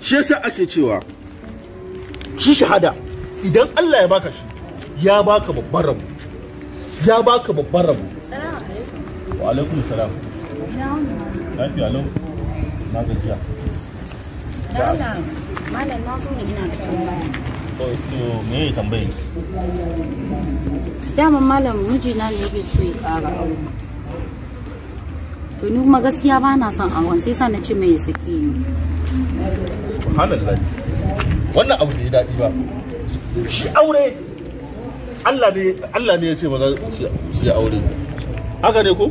shi yasa ake cewa shi shahada idan Allah ya baka shi ya baka babbar rabo ya baka babbar rabo wa alaikum salam lafiya lau na gajiya Allah malam na so ne ina da tambaya me ya tambaye daman malam mijina ne bai so ya ƙara aure to ni kuma gaskiya ba na son awon sai sa na ci mai saki subhanallah wannan abu bai dadi ba shi aure Allah ne Allah ne ya ce ba za su aure haka ne ko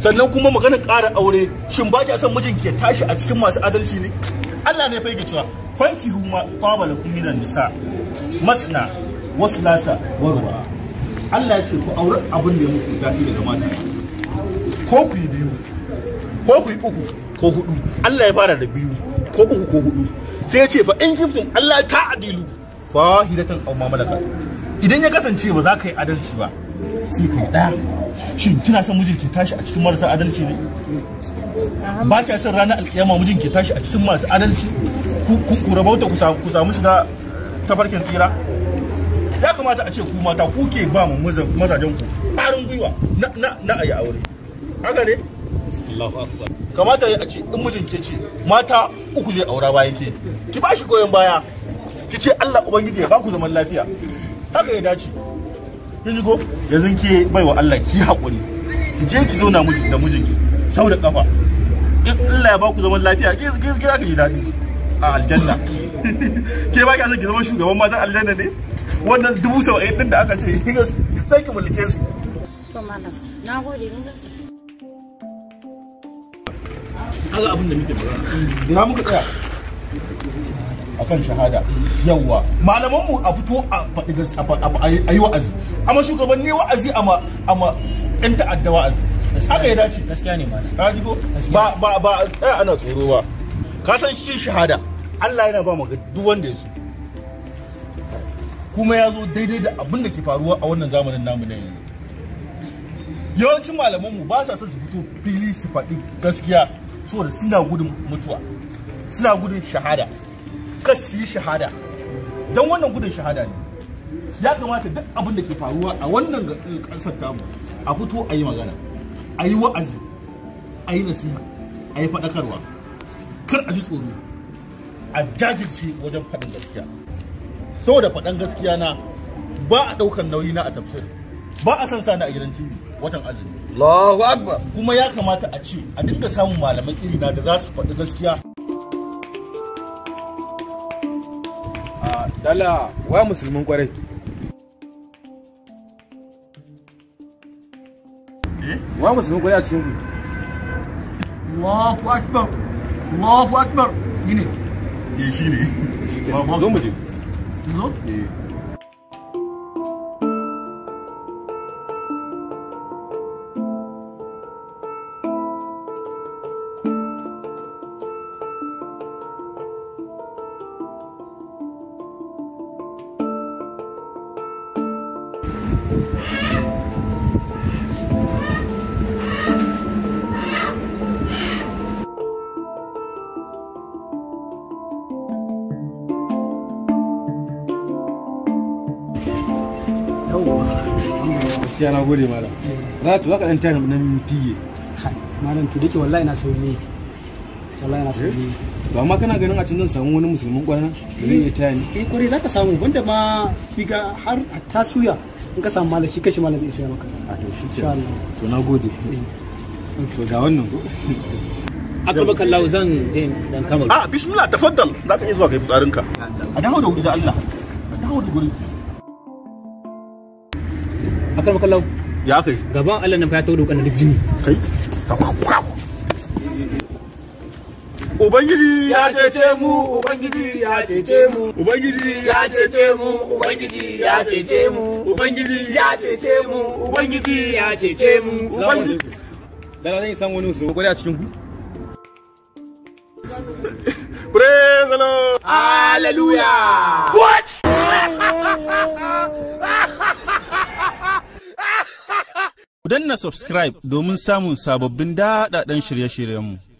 sannan kuma maganar ƙara aure shin ba ki san mijinki ya tashi a cikin masu adalci ne Allah ne ya fayyace cewa fanki huma qabala kum minan nisa masna waslasa warwa Allah ya ce ku aure abin da ya muku daɗi daga mata ko ku yi ko ku yi uku ko hudu Allah ya fara da biyu ko uku ko hudu sai ya ce fa in kiftum Allah ta adilu fa hidatan aw mamalaka idan ya kasance ba za ka yi adalci ba sai kai daya shin kina son mijin ke tashi a cikin marasa adalci ne ba kya son ranar alkiyama mijin ke tashi a cikin marasa adalci ku rabauta ku samu shiga tafarkin tsira ya kamata a ce ku mata kuke ba mu mazajen ku ƙarin gwiwa na na na ayi aure haka ne kamata ya ce in mijin ke ce mata uku zai aura bayan ke ki ba shi goyon baya ki ce Allah ubangiji ya baku zaman lafiya haka ya dace kin ko yanzu ke baiwa Allah ki hakuri ki je ki zauna miji da mijinki sau da kafa in Allah ya baku zaman lafiya ki ki ki ka ji dadi a aljanna ke ba ki san ki zama shugaban matan aljanna ne wannan dubu saba'in din da aka ce sai ki mulke su to malam nagode kaga abin da muke magana ina muka tsaya akan shahada yawwa malaman mu a fito a faɗi a yi wa'azi amma shugabanni wa'azi a ma yan ta'adda wa'azi haka ya dace gaskiya ne ma ji ko ba ba ba tsaya ana tsoro ba ka san shi shahada Allah yana ba mu ga duk wanda ya so kuma ya zo daidai da abin da ke faruwa a wannan zamanin namu na yanzu yawancin malaman mu ba sa son su fito fili su faɗi gaskiya saboda suna gudun mutuwa suna gudun shahada kas su yi shahada don wannan gudun shahada ne ya kamata duk abin da ke faruwa a wannan ƙasar tamu a fito a yi magana a yi wa'azi a yi nasiha a yi faɗakarwa kar a ji tsoro a jajirce wajen faɗin gaskiya sau da faɗin gaskiya na ba a ɗaukar nauyi na a tafsir ba a san sani a gidan tv watan azumi Allahu Akbar. Kuma ya kamata a ce a dinga samun malaman irina da za su faɗi gaskiya. Dala, wa musulmin kwarai. Eh? Wa musulmin kwarai a cikin ku. Allahu Akbar. Allahu Akbar. Ni ne. Eh, shi ne. Zo mu je. Zo? Eh. gaskiya na gode za ta zaka dan nan malam to dake wallahi na sauri ne wallahi na sauri eh? to amma kana ganin a can zan samu wani musulmin kwana da zai iya eh kwarai zaka samu banda ma figa har a tasuya in ka samu malam shi kashi malam zai siya maka a to shi ke to na gode eh. to ga wannan ko akraba lau zan je dan kamar a ah, bismillah tafaddal za ka iya zuwa ka yi ka a dawo da wuri da Allah a dawo da wuri akraba lau. ya kai gaban Allah nan fa ya tawo dokan da jini kai Ubangiji ya cece mu, Ubangiji ya cece mu, Ubangiji ya cece mu, Ubangiji ya cece mu, Ubangiji ya cece mu, Ubangiji ya cece mu, Ubangiji. Dala zan yi san wani usuru, kwarai a cikin ku? Praise the Lord! Hallelujah! What? Ku danna subscribe domin samun sababbin daɗaɗɗen shirye-shiryenmu.